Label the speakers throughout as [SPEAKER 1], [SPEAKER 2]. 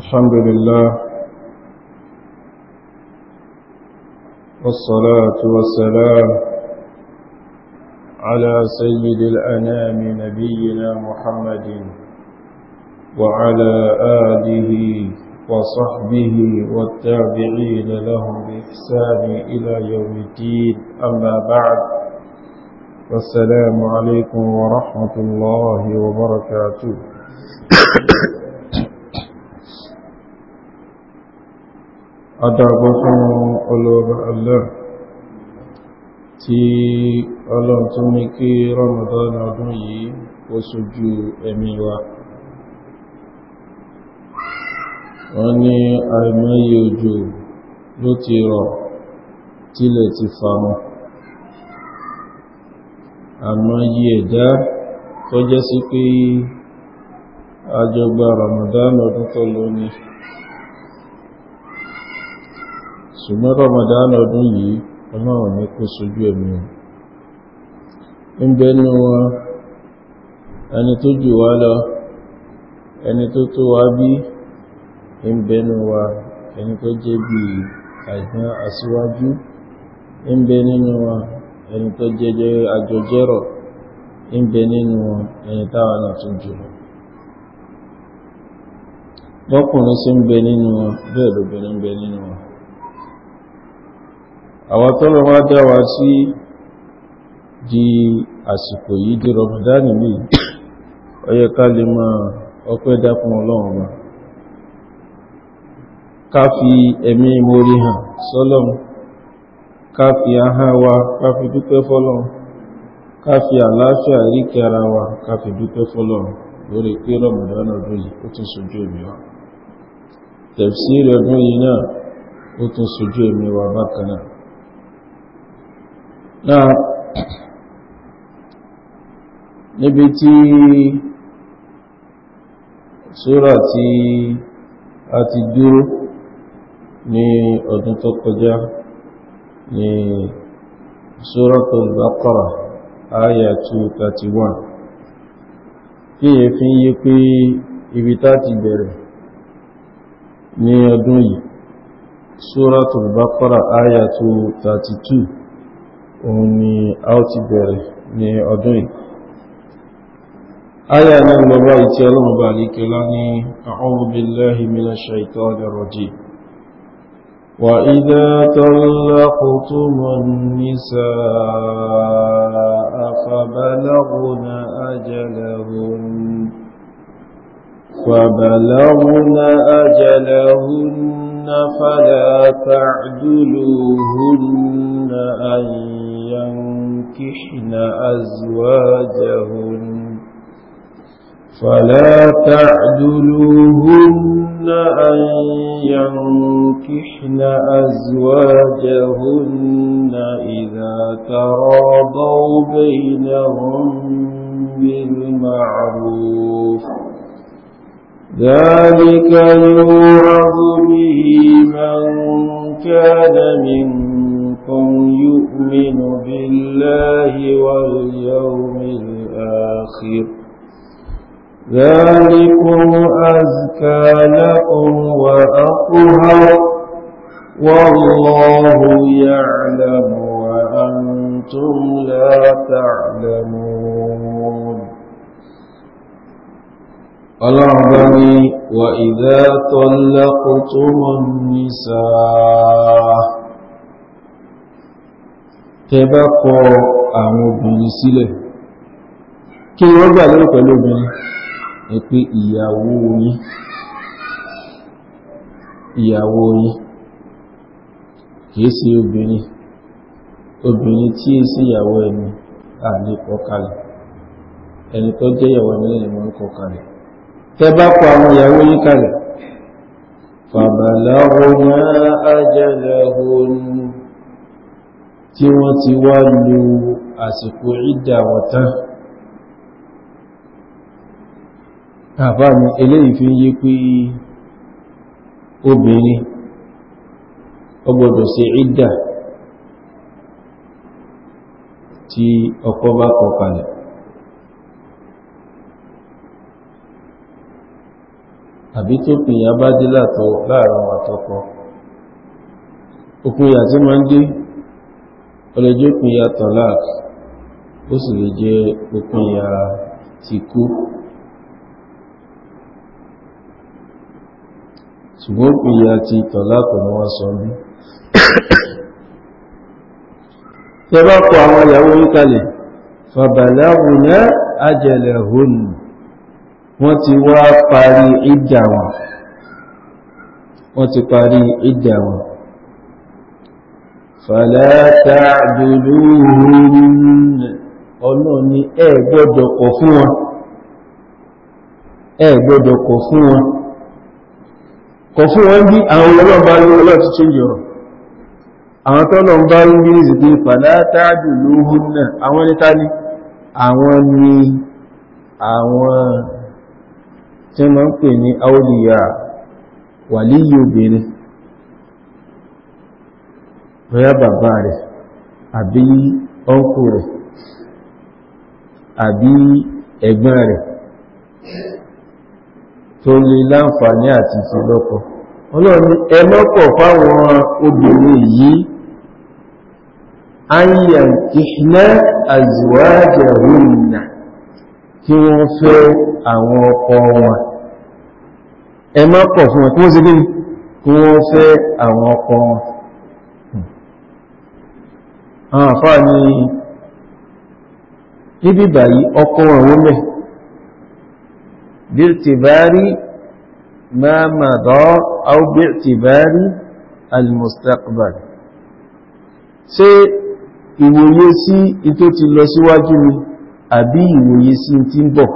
[SPEAKER 1] الحمد لله والصلاة والسلام على سيد الأنام نبينا محمد وعلى آله وصحبه والتابعين لهم بإحسان إلى يوم الدين أما بعد والسلام عليكم ورحمة الله وبركاته adágbọ́ fún ọlọ́ọ̀bá Allah tí ọlọ́run tó ní kí Ramadan ọdún yìí ó ṣojú ẹ̀mí wa wọ́n ní àìmọye òjò ló ti rọ̀ tílẹ̀ ti fàmù àmọ́ ẹ̀dá tó sí pé àjọgbà Ramadan ọdún tó lónìí ṣùgbọ́n rọmọdán ọdún yìí ọlọ́run ní kó sojú ẹ̀mí ń bẹnu wọn ẹni tó jù wá lọ ẹni tó tó wá bí ń wa ẹni tó jẹ́ bí àìsàn ẹni tó jẹ́ àjọjẹ́rọ̀ ẹni táwọn tún jùlọ sí ń bẹ nínú àwọn tọ́lọ wá dáwà sí di àsìkò yìí di rọ̀bùdánì ní ọyẹ ká lè máa ọpẹ́ dákun ọlọ́run wa ká fi ẹ̀mí mórí hàn sọ́lọ́run ká fi wa ká fi dúpẹ́ fọ́lọ́run ká fi àlàáfíà ríkẹ́ ara wa ká fi dúpẹ́ fọ́lọ́run lórí pé rọ̀bùdánì ọdún yìí ó tún sojú èmi wa na níbi tí súrà tí a ti dúró ní ọdún tó kọjá ní Suratul Baqara ayà 231 kí è fi ń pé ibi tá ti bẹ̀rẹ̀ ní ọdún yìí Suratul Baqara ayà 232 òun ni a ó ti bẹ̀rẹ̀ ní ọdún yìí
[SPEAKER 2] aya náà lọ bá ìtí ọlọ́run
[SPEAKER 1] bá àlékẹ́lá ní a'udhu billahi minash shaitanir rajim وَإِذَا طَلَّقْتُمُ النِّسَاءَ فَبَلَغْنَ أَجَلَهُنَّ فبلغن أجلهن فلا تعدلوهن أن ينكحن أزواجهن فلا تعدلوهن أن ينكحن أزواجهن إذا تراضوا بينهم بالمعروف
[SPEAKER 2] ذلك يوعظ
[SPEAKER 1] به من كان منكم ربكم يؤمن بالله واليوم الآخر ذلكم أزكى لكم وأطهر والله يعلم وأنتم لا تعلمون ألعبني وإذا طلقتم النساء tẹ́ bá kọ àwọn obìnrin sílẹ̀ kí ni wọ́n gbà lórí pẹ̀lú obìnrin ẹ pé ìyàwó yín ìyàwó yín kìí sí obìnrin obìnrin tí è sí ìyàwó ẹni àlè kọkalẹ̀ ẹni tó jẹ́ ìyàwó ẹni lẹ́yìn mọ́ ń kọkalẹ̀ tẹ́ kọ àwọn ìyàwó yín kalẹ̀ fàbàlá ọmọ tí wọ́n ti wá lo àsìkò ìdà wọ̀tán àbá ni eléyìí fi ń yé pé obìnrin ó gbọ́dọ̀ ṣe ìdà tí ọkọ bá kọ àbí tó pìyàn bá dé látọ̀ láàrin àtọkọ òkúnyà tí ma ń dé ó lè jẹ́ ìpínyà talaq ó sì lè jẹ́ ìpínyà ti kú ṣùgbọ́n ìpínyà ti talaq ni wọ́n sọ bí tẹ́ bá kọ àwọn ìyàwó yí kalẹ̀ ajẹ̀lẹ̀ hùn wọ́n ti wá parí ìdà wọ́n ti parí ìdà fàlá ta'duluhun ọlọ́run ni ẹ gbọ́dọ̀ kọ̀ fún wọn ẹ gbọ́dọ̀ kọ̀ fún wọn kọ̀ fún wọn bí àwọn ọlọ́ọ̀bá ní ọlọ́ọ̀tí change ọ̀rọ̀ àwọn tọ́lọ̀ ń bá ń bí ìsìnkú fàlá ta'duluhun náà àwọn ní tání àwọn ni àwọn tí wọ́n pè ní auliya wàlíyí obìnrin bóyá bàbá rẹ̀ àbí ọ́nkù rẹ̀ àbí ẹ̀gbọ́n rẹ̀ tó lè láǹfààní àti ti lọ́kọ̀ ọlọ́run ẹlọ́kọ̀ fáwọn obìnrin yìí ayyan kìhná azwajahunna kí wọ́n fẹ́ àwọn ọkọ wọn ẹ fún wọn sí bí kí wọ́n fẹ́ àwọn ọkọ wọn àfáà ni níbi báyìí ọkọ̀ ọ̀rún mẹ́ bírtìbárí máa máa dọ́ au bírtìbárí al-mustaqbal ṣé ìwòye sí ìtó ti lọ síwájú ni àbí ìwòye sí ti ń bọ̀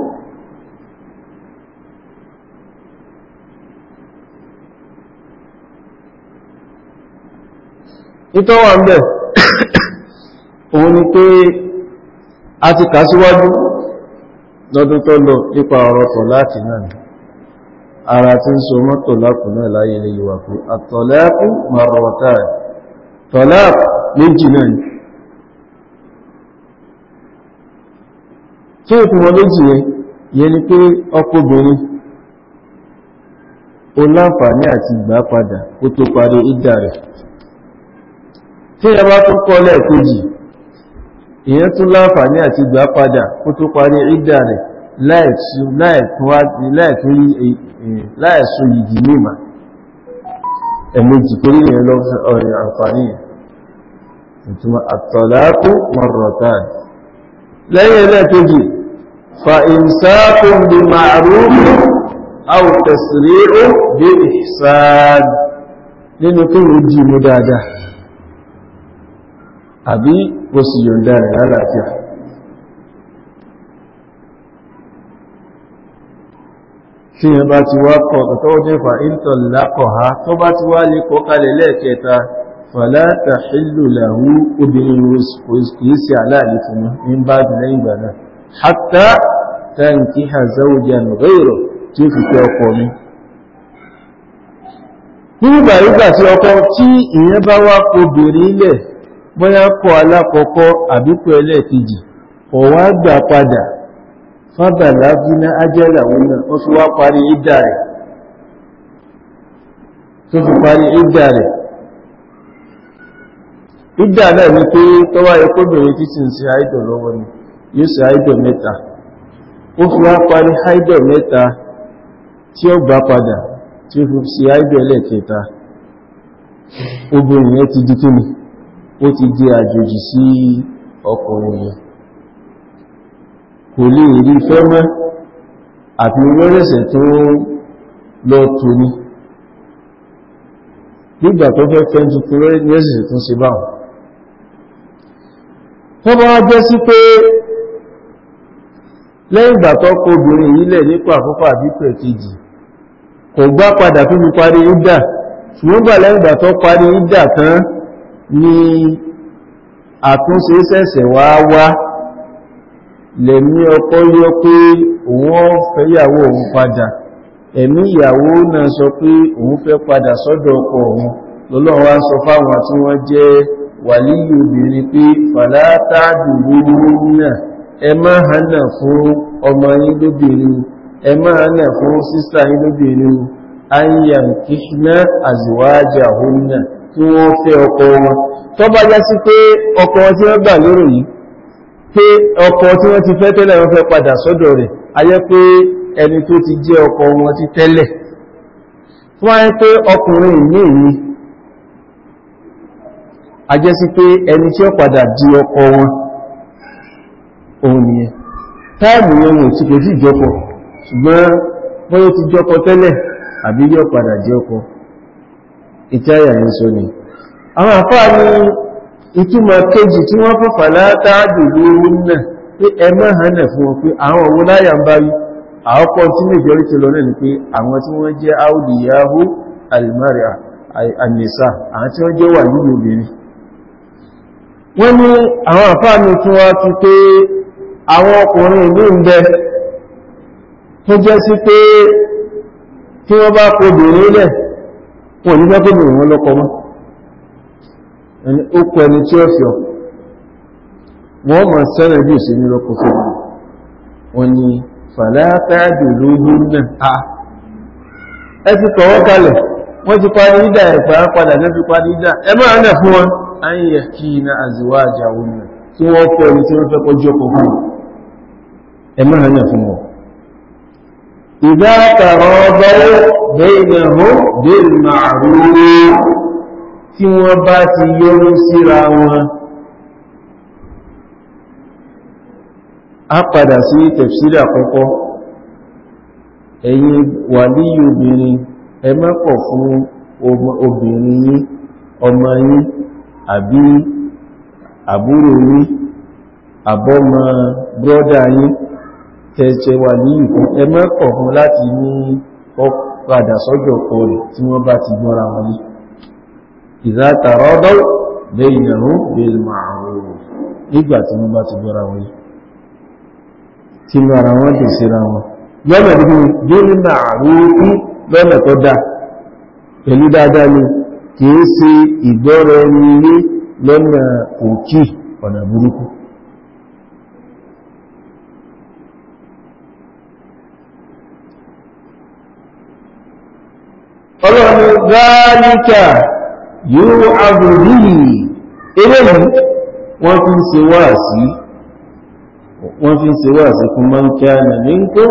[SPEAKER 1] ìtọ́wà ń bẹ̀ òun ni pé a ti kà síwájú lọ́dún tó lọ nípa ọ̀rọ̀ tọ̀láàkì náà ara ti ń so mọ́ tọ̀láàkù náà láyé ilé ìwà pé àtọ̀láàkù marọ̀tà tọ̀láàkù méjì náà ni tí ìpínwọ méjì yẹn yẹn ni pé ọkọ o láǹfààní àti ìgbà padà kó tó parí ìdá rẹ̀ tí ẹ ìyẹn tún láǹfààní àti gbà padà kó tó parí ìdá rẹ̀ láẹ̀sùn yìí mímà ẹ̀mẹ́jì torí ìyẹn lọ ọ̀rẹ̀ àǹfààní ìtumọ̀ àtọ̀láàkú marratan lẹ́yìn ẹlẹ́ẹ̀kejì fa imsakun bi ma'ruf aw tasri'u bi ihsan nínú tó rú jì mú dáadáa àbí ó sì ndara rẹ̀ lálàáfíà tí yẹn bá ti wá kọ̀ tọ́wọ́ jẹ́ fà ha tó ti wá lè kọ́ kalẹ̀ lẹ́ẹ̀kẹta fàlátà hìlù làwú obìnrin ala alifinu aláàlè fún ní bá bí lẹ́yìn ìgbà náà hátà ha tí ó fi fẹ́ bóyá kọ alákọ̀ọ́kọ́ àbíkọ ẹlẹ́ẹ̀kejì ọ̀wá gbà padà fábàlá gúnná ajẹ́là wọnà ó fi wá parí ìdá rẹ̀ tó fi parí ìdá rẹ̀ ìdá náà ni pé tọ́wá ẹkọ́bìnrin ń àìdọ̀ lọ́wọ́ ni yóò àìdọ̀ mẹ́ta ó fi wá parí àìdọ̀ mẹ́ta tí ó gbà padà tí ó ó ti di àjòjì sí ọkùnrin yẹn kò lè rí fẹ́ mọ́ àti olóòrẹ̀sẹ̀ tó lọ tó ní nígbà tó fẹ́ fẹ́ tuntun lẹ́sẹ̀ tó ṣe báwọn tó bá jẹ́ sí pé lẹ́yìn ìgbà tó kó obìnrin yìí lẹ̀ nípa àkọ́kọ́ àbípẹ̀ kejì kò gbá padà fún mi parí ìdà ṣùgbọ́n gbà lẹ́yìn ìgbà tó parí ìdà tán ní àtúnṣe sẹ̀sẹ̀ wá wá lẹ̀mí ọkọ yọ pé òun fẹ́yàwó òun padà ẹ̀mí ìyàwó náà sọ pé òun fẹ́ padà sọ́dọ̀ ọkọ òun lọ́lọ́wọ́ sọ fáwọn tí wọ́n jẹ́ wàlíyù obìnrin pé fàlátàdùrú náà ẹ máa azwaja hunna kí wọ́n fẹ́ ọkọ wọn tó bá já sí pé ọkọ tí wọ́n gbà lérò yìí pé ọkọ tí wọ́n ti fẹ́ tẹ́lẹ̀ wọ́n fẹ́ padà sọ́dọ̀ rẹ̀ ayẹ́ pé ẹni tó ti jẹ́ ọkọ wọn ti tẹ́lẹ̀ tó wáyé pé ọkùnrin ní èyí ajẹ́ sí pé ẹni tí ó padà di ọkọ wọn òun nìyẹn táìmù yẹn wò tí kò tí ìjọpọ̀ jẹ́ ọkọ ìtí àyà ní sọ afọ àwọn àfáà ní ìtumọ̀ kejì tí wọ́n fún fàlátà àjòlówó náà pé ẹmọ́ hànà fún wọn pé àwọn owó láyà ń báyí àọ́pọ̀ tí lè ti lọ náà ni pé àwọn tí wọ́n jẹ́ wọ́n wọn ní fẹ́ bèèrè wọn lọ́kọ mọ́ ó kọ ẹni tí ó fìọ́ wọ́n mọ̀ sẹ́rẹ̀ bí òsì ní lọ́kọ fún wọn ni fàlátàdì lóyún náà ẹ ti tọwọ́ kalẹ̀ wọ́n ti parí ìdá ẹ̀fà padà parí ìdá ẹ máa fún wọn a ń yẹ kí iná àzíwá àjà tí wọ́n ẹni tí wọ́n fẹ́ kọjú ọkọ̀ fún ẹ máa fún بينهم بالمعروف tí wọ́n bá ti yọ́nú síra wọn a padà sí tẹ̀fsílẹ̀ àkọ́kọ́ ẹ̀yin obìnrin padà sọ́jọ́ ọkọ rẹ̀ tí wọ́n bá ti gbọ́ra wọn ní idha taradaw baynahum bil ma'ruf nígbà tí wọ́n bá ti gbọ́ra wọn ní tí wọ́n wọn dì síra wọn lọ́nà lọ́nà tó pẹ̀lú dáadáa ni lọ́nà òkè ọ̀nà ọlọ́run dáríkà yóò agbòrí eléyìí wọ́n fi ń ṣe wáàsí wọ́n fi ń ṣe wáàsí fún mọ́ ń kí á nà ní kó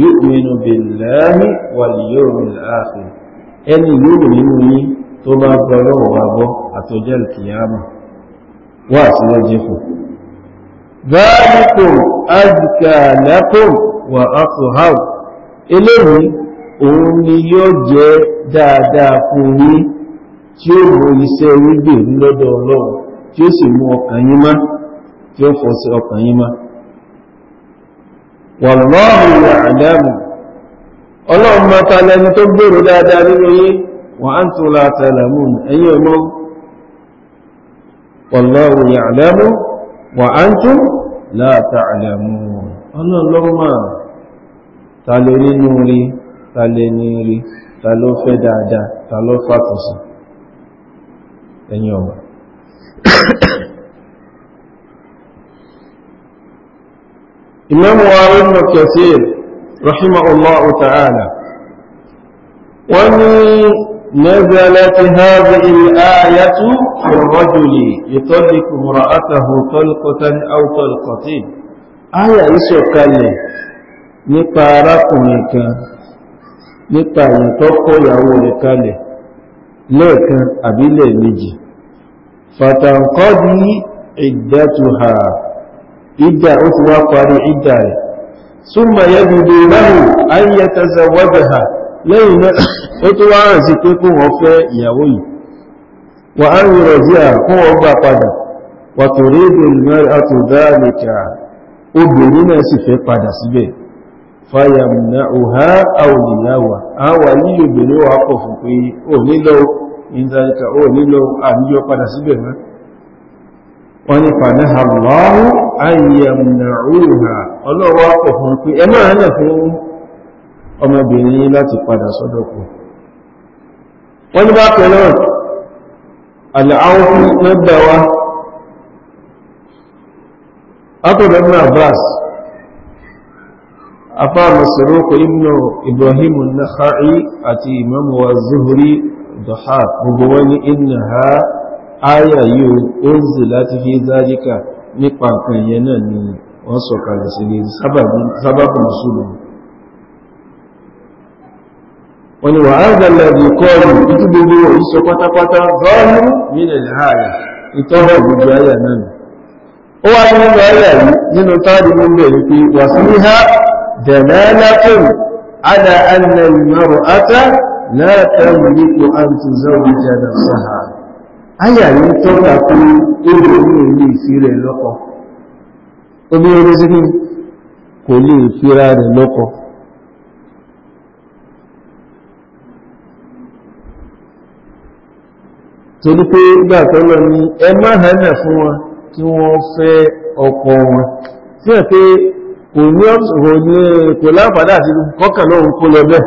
[SPEAKER 1] yóò mẹ́nu billahi wal yawmil akhir ẹni yóò nínú yí tó bá gbọ́rọ̀ wà bọ́ àtọ́jẹ́ ìkìyàmù wáàsí wọ́n jẹ́ fún ذلكم أذكى لكم وأطهر eléyìí òun ni yóò jẹ́ dáadáa fún yín tí ó mọ iṣẹ́ orígbèrú lọ́dọ̀ ọlọ́run tí ó sì mú ọkàn yín má tí ó fọ́ sí ọkàn má ọlọ́run máa ta tó gbèrò dáadáa nínú yín wa antum la ta'lamun ẹ̀yin ọmọ wallahu ta ló fẹ́ dáadáa ta ló fàtọ̀sí ẹ̀yìn ọmọ Imam Ibn Kathir rahimahullahu ta'ala wọ́n ní نزلت هذه الآية في الرجل يطلق امرأته طلقة أو طلقتين آية يسوع قال لي نقاركم كان nípa èèyàn tó kó ìyàwó rẹ̀ kalẹ̀ lẹ́ẹ̀kan àbílẹ̀ méjì fàtàǹkọ́dí ìdátùhà ìdá ó ti wá parí ìdá rẹ̀ súnmà yẹ́bùdó ya. ayyata zawadaha lẹ́yìn náà ó tó wá rẹ̀ sí pé kó wọ́n fẹ́ ìyàwó yìí wà á rí à kó wọ́n gbà padà wà tó rí àtúndá nìkà obìnrin náà sì fẹ́ fàyàmùnà òhá àwòlìyàwà àwà yíò bèèrè wà pọ̀ fún pé ó nílò ìntàríkà ó nílò àníyọ padà síbẹ̀ mọ́ wọ́n ni fà náà lọ́wọ́ na òhá ọlọ́wọ́ pọ̀ ẹ na náà fún ọmọbìnrin láti padà afá masaruku ibnu ibrahimu an-nakhai àti imam wa zuhri dọ̀há gbogbo wani inna ha áyà yóò ó ń zì láti fi nípa nǹkan náà ni wọ́n na sí ní sábàbù mùsùlùmí wọ́n ni wà á zàlẹ̀ bí ìtú gbogbo ìsọ pátápátá zọ́ọ̀lù nílẹ̀ láàyà ìtọ́rọ̀ gbogbo ayà náà ó nínú aya yìí ha دلالة على أن المرأة لا تملك أن تزوج نفسها أي أن تبقى إبني في لقب obìnrin sí ní kò lè fira torí pé gbàtọ́lọ ni ẹ má hànà fún wọn kí wọ́n fẹ́ ọkọ wọn tí ẹ̀ pé kò ní ọ̀tọ̀ ní kò láǹfàdà àti kọ́kàn lóòrùn kó lọ bẹ́ẹ̀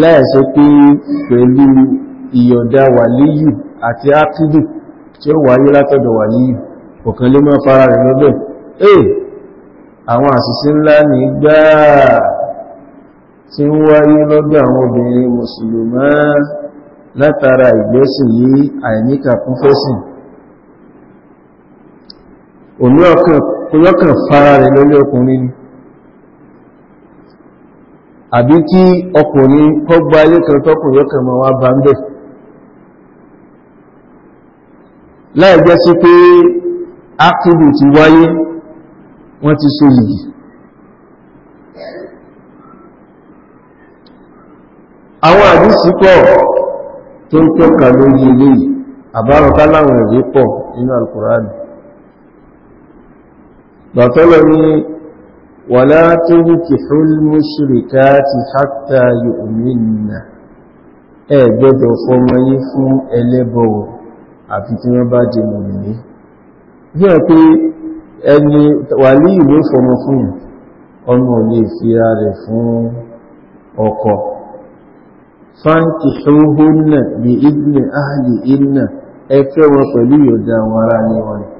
[SPEAKER 1] láẹ̀ṣẹ́ pé pẹ̀lú ìyọ̀dá wàlíyù àti ákídù tí ó wáyé látọ̀dọ̀ wàlíyù ọ̀kan ló máa fara rẹ̀ lọ́bẹ̀ èè àwọn àṣìṣe ńlá ní gbáà tí ń wáyé lọ́dọ̀ àwọn obìnrin mùsùlùmá látara ìgbẹ́sìn ní àìníkà fún òmí ọkàn tó fara rẹ̀ lórí ọkùnrin ni àbí kí ọkùnrin kọgbà ayé kan tọ́kùn yọ́kàn ma wá bá ń bẹ̀ láì jẹ́ sí pé ákìdù ti wáyé wọ́n ti ṣe yìí àwọn àdísí pọ̀ tó ń tọ́ka lórí ilé àbárọ̀ká láwọn ẹ̀rí pọ̀ nínú alkùránì gbàtọ́lọ̀ ní wàlá tó ń kì fúlmù ṣìríkà ti
[SPEAKER 2] ẹ fún
[SPEAKER 1] ẹlẹ́bọ̀wọ̀ àti tí wọ́n bá jẹ mọ̀mìnì bí pé ẹni ìlú fún ọmọ lè fún ọkọ ìdílé ẹ fẹ́ wọn pẹ̀lú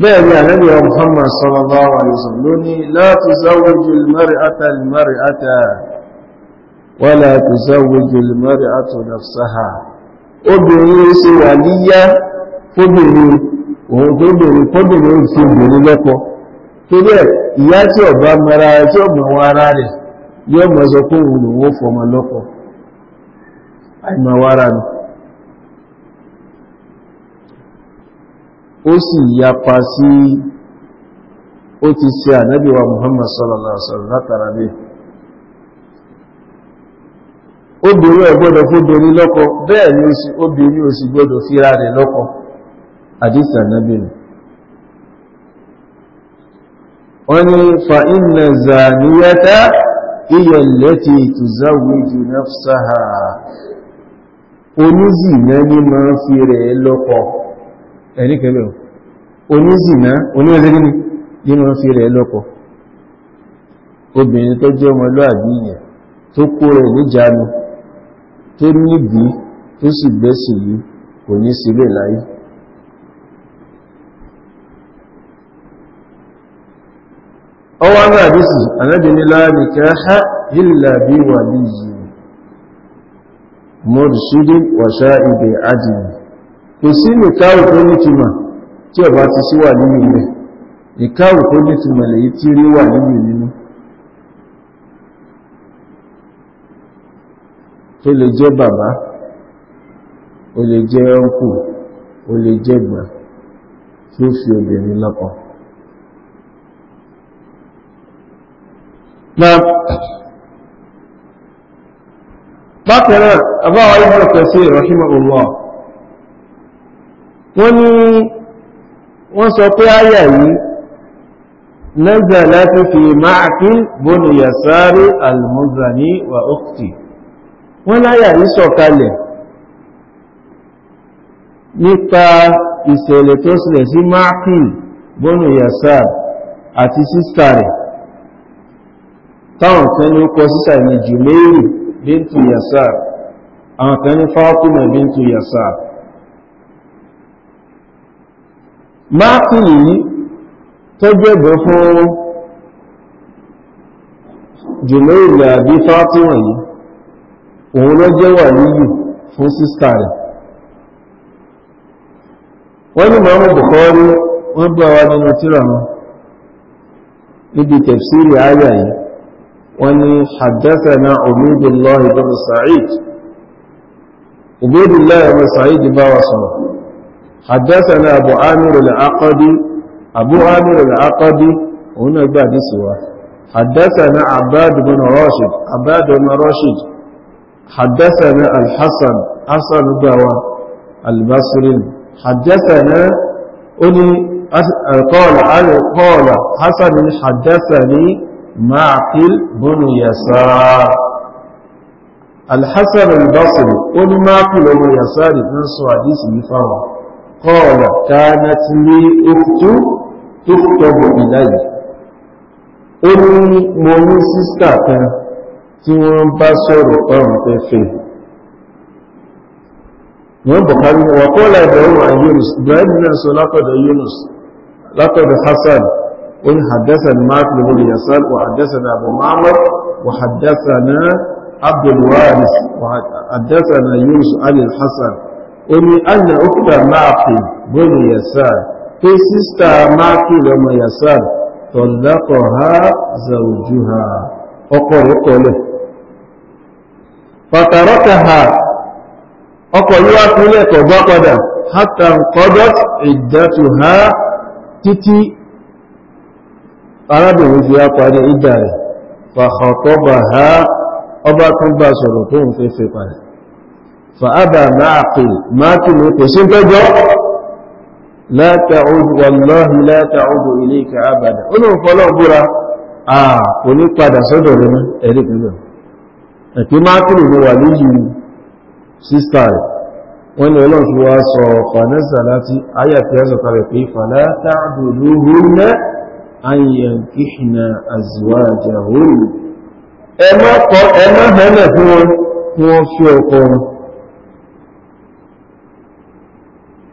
[SPEAKER 1] bẹ́ẹ̀ ni ànábì wa muhammad sallallahu alaihi wasallam ló ní la tuzawwiju al-mar'ata al-mar'ata wa la tuzawwiju al-mar'atu nafsaha obìnrin ṣe wà níyá fóbìnrin òun tó bìnrin fóbìnrin fi ó sì yapa sí ó ti ṣe ànábì Muhammad sallallahu alaihi wasallam obìnrin ẹ̀ fóbìnrin lọ́kọ bẹ́ẹ̀ ni obìnrin ò sì gbọ́dọ̀ fíra rẹ̀ lọ́kọ àdísà nábìnrin wọ́n ni fa inna zaniyata iya lati tuzawwiju nafsaha onízìnà ní ń ẹ̀rí kẹbẹ̀ onye oníwẹ̀lẹ́gbẹ̀ni yí mọ́ fi rẹ̀ lọ́kọ obìnrin tó jẹ́ ọmọlúàbí yẹn tó kó rẹ̀ níjàánu tó níbi tó sì gbẹ́sì yìí kò ní sílẹ̀ láyé ọwọ́ kò sí nìkáwù tó nítumọ̀ tí ọba ti sí wà nínú rẹ̀ nìkáwù tó nítumọ̀ lèyí tí ó wà nínú tó lè jẹ́ bàbá o lè jẹ́ ọkù o lè jẹ́ gbà tí ó fi obìnrin lọ́kọ bákan náà abáwọ̀ ibùdókọ̀ sí wọ́n ní wọ́n sọ pé àyà yìí nazalat fi Ma'qil ibn Yasari al-Muzani wa ukhti wọ́n láyà yìí sọ̀kalẹ̀ nípa ìṣẹ̀lẹ̀ tó ṣẹlẹ̀ sí Ma'qil ibn Yasari àti sísà rẹ̀ táwọn kan ní ó kọ sísà máàkì yìí tó jẹ́bọ̀ fún jùlọ ìrìn àbí fátíwà yìí òun ló jẹ́wà níyù fún sísta rẹ̀ wọ́n ní mọ́mù Bukhari wọ́n bá wa wọn níbi tafsiri yìí wọ́n Sa'id Sa'id bá wa sọ̀rọ̀ حدثنا أبو عامر العقدي أبو عامر العقدي هنا بعد سواه حدثنا عباد بن راشد عباد بن راشد حدثنا الحسن حسن دوا البصري حدثنا أني قال علي قال حسن حدثني معقل بن يسار الحسن البصري أني معقل بن يسار من حديث بفرع قال كانت لي أخت تكتب إلي ó ní mo ní sísítà kan tí wọ́n bá sọ̀rọ̀ ọ̀rùn pé fè wọ́n bọ̀kárí wà kọ́lá ìbẹ̀rún à Yunus Ibrahim náà sọ látọ̀dọ̀ Yunus látọ̀dọ̀ Hassan ó ní haddathana Malik ibn Yasar ó ní anna okta maapi bóni yasar pé sista maaki lọmọ yasar ha zàwùjú ha ọkọ rẹ̀ kọlẹ̀ pàtàrọ́kà ha ọkọ̀ yíwá fílẹ̀ kọ̀ padà hátà ha títí arábìnrin fi á parí rẹ̀ ha ọba tún bá sọ̀rọ̀ tó ń fàábà máa pè máa kì ní kò sí tọ́jọ́ látàúdù wàláhì látàúdù ilé ìkà àbàdà ó lóun fọ́lọ́ búra à kò ní padà sọ́dọ̀ rẹ̀ mọ́ ẹ̀rí pẹ̀lú ẹ̀pẹ́ máa kì ní wà lóyìn sísá rẹ̀ wọ́n ni ọlọ́run fi wá sọ wọ́n fi ọkọ wọn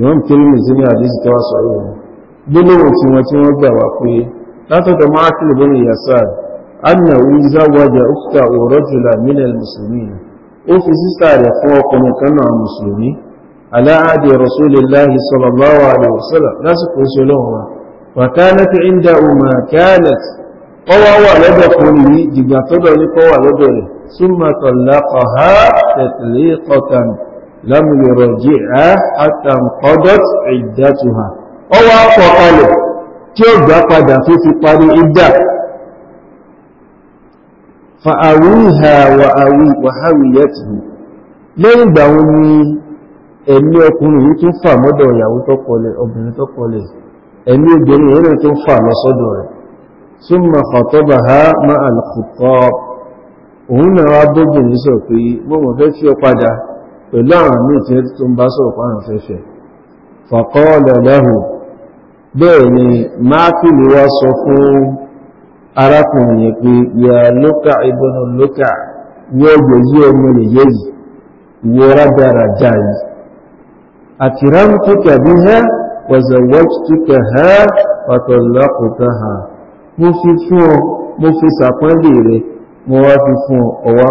[SPEAKER 1] Imam Tirmidhi ní àdísì tó wá sọ yìí gbólóhùn tí wọ́n tí wọ́n gbà wá pé látọ̀dọ̀ Ma'qil bin Yasar annahu zawwaja ukhtahu rajulan min al-muslimin ó fi sísà rẹ̀ fún ọkùnrin kan náà mùsùlùmí ala ahdi rasulillahi sallallahu alaihi wasallam lásìkò ìṣòlọ́wọ́ wa kanat indahu ma kanat lam yurji'a hatta qadat iddatuha ó wá pọ̀ kalẹ̀ tí ó gbà padà fi fi parí ìdá fa awiha wa awi wa hawiyatuhu lẹ́yìn ìgbà wọn ni ẹ̀mí ọkùnrin yìí tún fà mọ́dọ̀ ìyàwó tọ́kọlẹ̀ obìnrin tọ́kọlẹ̀ ẹ̀mí obìnrin yìí náà tún fà lọ sọ́dọ̀ rẹ̀ summa khatabaha ma'a al-khutab òun náà wá bóbìnrin sọ pé wọ́n fẹ́ fi ọ padà pẹ̀lú àwọn míì tí ó ń bá sọ̀rọ̀ pàrọ̀ fẹ́fẹ́ faqala lahu bẹ́ẹ̀ ni mákìlì wá sọ fún arákùnrin yẹn pé ya lókà ibn lókà yóò gbé ọmọ lè yé yìí rádára já yìí mo fi fún ọ mo fi rẹ mo wá fi ọ ọwá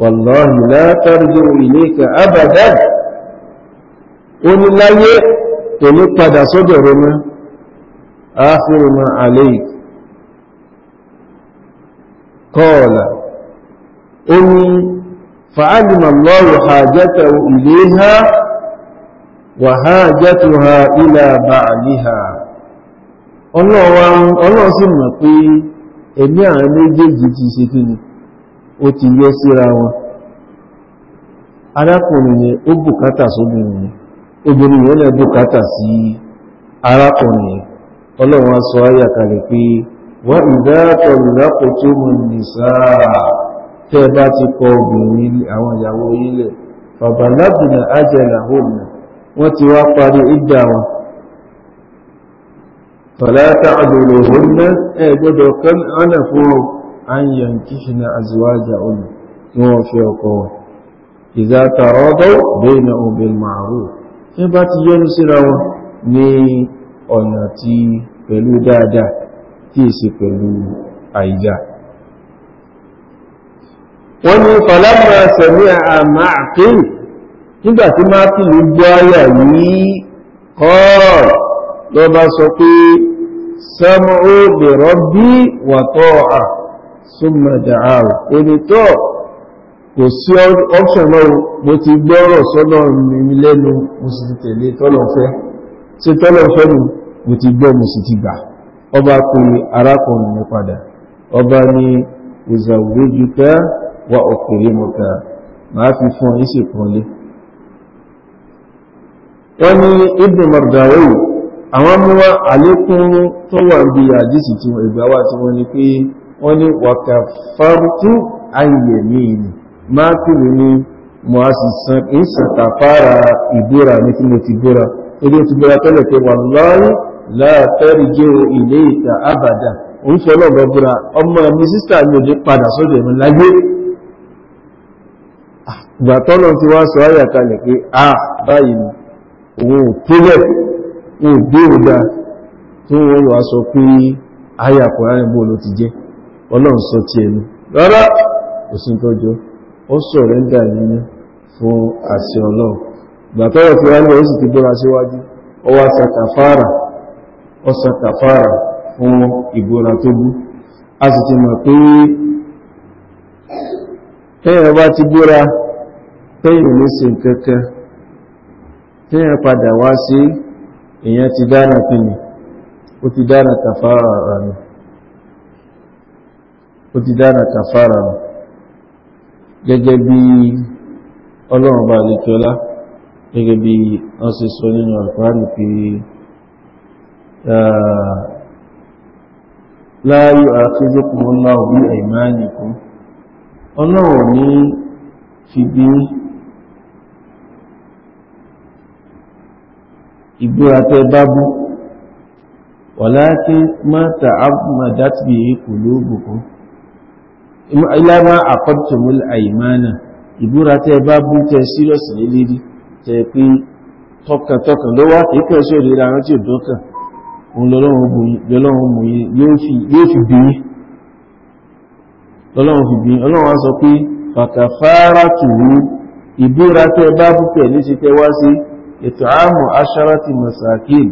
[SPEAKER 1] wàláhì látàrí ìléka abàdá oníláyé kò ní padà sọ́dọ̀ rẹ mọ́ áfíru ma àléìk kọ́ọ̀lá ó ní fa'alima lọ́rọ̀ hajjata iléha ha ila ọlọ́wọ́ sí mọ̀ pé ẹ̀mí àwọn méjèèjì ti ṣe kí ni ó ti yọ́ síra wọn arákùnrin yẹn ó bùkátà sóbìnrin yẹn obìnrin yẹn lè bùkátà sí arákùnrin yẹn ọlọ́run sọ ayà kalẹ̀ pé wọ́n ìdáàtọ̀ ìrápò tó mọ̀ nìsáà tẹ́ bá ti kọ obìnrin àwọn ìyàwó ilẹ̀ fàbàlábìnà ájẹ̀là hóòmù wọ́n ti wá parí ìdá wọn ẹ̀ gbọ́dọ̀ fún an yankihna azwajahun na wọ́n fi ọkọ wọn idha taradaw bainahum bil ma'ruf tí bá ti yọ́nú síra wọn ọ̀nà ti pẹ̀lú dáadáa tí si pẹ̀lú àìdá wọ́n sami'a Ma'qil nígbà tí Ma'qil gbọ́ ayà yìí kọ́ọ̀lù lọ bá sọ pé sam'u bi súnmọ̀ dàáwò onítọ́ kò sí ọ́pṣọ̀n náà mo ti gbọ́rọ̀ sọ́nà mi lẹ́nu mo tọ́lọ̀fẹ́ sí tọ́lọ̀fẹ́ nù mo ti gbọ́ mo ọba kò arákùnrin mi padà ọba ni òzàwójúká wa máa fi fún ìsìnkúnlé àwọn mú wa àlékún tó wà bí àdísì tí wọ́n ìgbà wà tí wọ́n ní wàkàfàrúkú àyèmí ni máa kúrò ní mọ́ sì san ìsìnkà ìbúra ní tí mo ti búra ilé ti búra tẹ́lẹ̀ pé wà lọ́rí láàtẹ́rì jẹ́ ilé ìta àbàdà òun fi ọlọ́gbọ́ búra ọmọ mi sísà padà sódò ah, ti wá sọ ayà kalẹ̀ pé a ah, báyìí òun ò tẹ́lẹ̀ tí wọ́n ọlọ́run sọ ti ẹnu rárá òsìn tó jọ ó sọ̀rọ̀ ń fún àṣẹ ọlọ́run gbàtọ́rọ̀ fi wá lọ ó sì ti bóra síwájú ó wá sàkàfàrà ó fún tó a sì ti mọ̀ pé tẹ́yìn bá ti bóra tẹ́yìn padà wá sí èèyàn ti dára ó ti dára kàfàrà ó ti dára kàfàrà gẹ́gẹ́ bí ọlọ́run bá lè kíọ́lá gẹ́gẹ́ bí wọ́n sì sọ nínú àkọ́rì pé láàáyù àkíjọ́kùn ọláwọ̀ bí àìmáànìkún ọlọ́run ní fi bí ìbúra tẹ bá bú wàláàkí mọ́ta àbùmọ̀dátìbì kò lóògùn ilá máa àkọ́tùmú àìmánà ìbúra tẹ́ bá bú tẹ́ sírọ̀sì lé lérí tẹ́ pé tọkàntọkàn ló wá kìí kẹ́ ṣe òrìra àwọn tí ò dọ́kàn òun lọ́lọ́run mú yí yóò fi bí lọ́lọ́run fi bí ọlọ́run á sọ pé fàkàfàárà tùwú ìbúra tẹ́ bá bú tẹ́ ní ti tẹ́ wá sí ètò àmọ̀ aṣáràtì masakin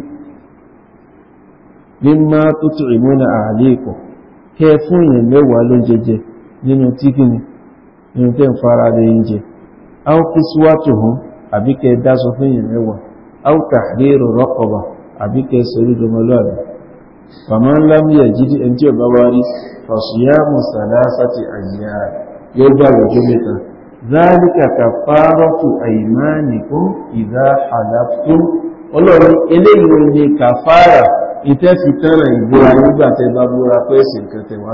[SPEAKER 1] mímá tó tù ìmúna àhàlẹ́ ìkọ̀ kẹ fún èèyàn mẹ́wàá ló jẹjẹ nínú tí kìíní nínú tẹ́ ń fara rẹ̀ ń jẹ aukiswatuhum àbí kẹ dáṣọ fún èèyàn mẹ́wàá autahriru raqaba àbí kẹ sẹ́rí dọmọlọ́àbí faman lam yajid ẹni tí ọba wárí fasiyamu salasati ayyam yóò gbà lọ́jọ́ mẹ́ta zálíkà kàfárọ́tù àìmánikún ìdá àlàftún ọlọ́run eléyìí ni nígbàtẹ́ bá búra pẹ́sì nǹkan tẹ̀wá